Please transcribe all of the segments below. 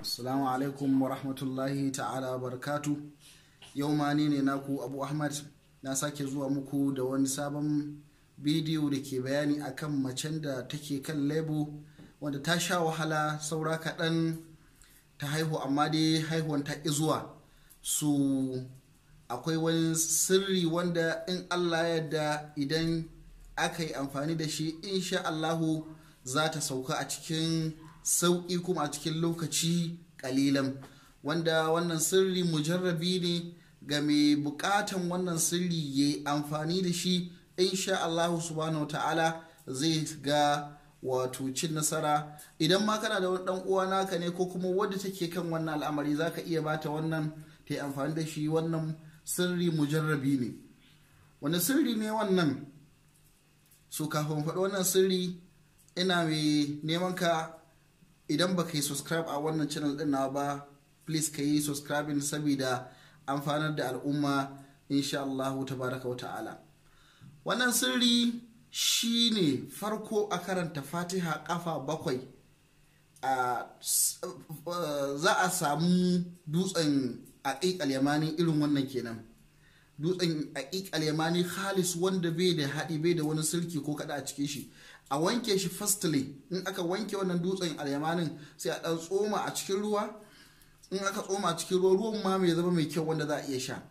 assalamu alaikum wa rahmatullahi ta'ala barkatu yau ma ni ne naku abu ahmad na sake zuwa muku da wani sabon bidiyo da ke bayani akan macen da take kan lebo wanda ta sha wahala saura kaɗan ta haihu amma dai haihuwan ta zuwa su akwai wani sirri wanda in allah yadda idan aka yi amfani da shi insha allahu za ta sauka a cikin Sauki kuma a cikin lokaci kalilan wanda wannan sirri mujarrabi ne ga mai buƙatan wannan sirri ya amfani da shi insha Allahu subhanahu wa ta'ala zai ga wato cin nasara idan ma kana da dan uwa naka ne ko kuma wadda take kan wannan al'amari za ka iya bata wannan ta yi amfani da shi wannan sirri mujarrabi ne wani sirri ne wannan so kafin faɗi wannan sirri ina mai neman ka idan baka yi subscribe a wannan channel din na ba please ka yi subscribing saboda amfanar da al'umma insha tabaraka wa ta'ala wannan sirri shine farko a karanta fatiha kafa bakwai a za a samu dutsen aqiqal yamani irin wannan kenan dutsen aqiqal yamani khalis wanda bai da haɗi bai da wani sirki ko kada a cikin shi a wanke shi firstly in aka wanke wannan dutsen alyamanin sai a dan tsoma a cikin ruwa in aka tsoma a cikin ruwa ruwan ma mai zama mai kyau wanda za a iya sha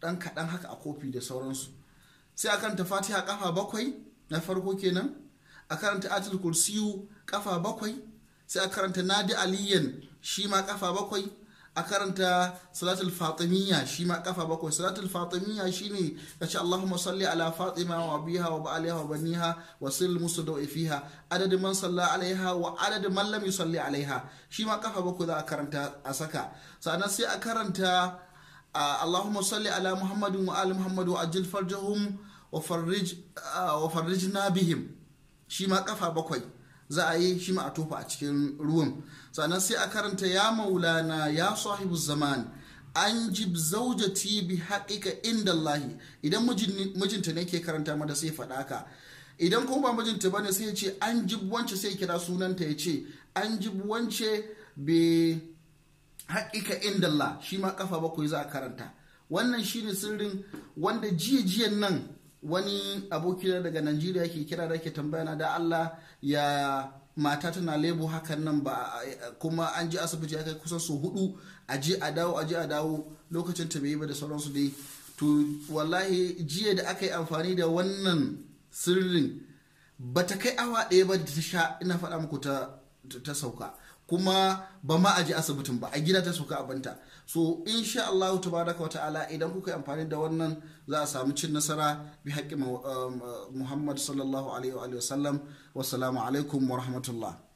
dan kaɗan haka a kofi da sauransu sai a karanta fatiha kafa bakwai na farko kenan a karanta atul kursiyu kafa bakwai sai a karanta nadi aliyan shi ma kafa bakwai a karanta salatul fatimiyya shi ma kafa bakwai salatul fatimiyya ne, ya ce Allahumma salli ala fatima wa biha wa ba'aliha wa baniha wa sil da fiha adadin man salla alaiha wa adadin man lam yusalli alaiha shi ma kafa bakwai za a karanta a saka sannan sai a karanta Allahumma salli ala muhammadin wa ali muhammad wa ajil farjahum wa farrij wa bihim shi ma kafa bakwai za a yi shi ma a tofa a cikin ruwan sannan sai a karanta ya maulana ya sahibu zaman an jib zaujati bi haƙiƙa inda Allahi idan mijinta ne ke karanta mata sai faɗa ka idan kuma ba mijinta bane sai ya ce an jib wance sai kira sunanta ya ce an jib wance bi haƙiƙa inda Allah shi ma kafa bakwai za a karanta wannan shine sirrin wanda jiya jiyan nan wani abokina daga najeriya ke kira da ke tambaya na da allah ya mata tana lebo hakan nan ba kuma an je asibiti ya kai kusan su hudu a je a dawo a je a dawo lokacin ta bai ba da sauransu dai to wallahi jiya da aka yi amfani da wannan sirrin ba ta kai awa ɗaya ba da ta sha ina faɗa muku ta sauka kuma ba ma aji asibitin ba a gida ta suka abinta so insha Allah tabaraka wata'ala idan kuka yi amfani da wannan za a samu cin nasara bi haƙƙi um, Muhammad sallallahu alaihi wa sallam wassalamu alaikum wa rahmatullah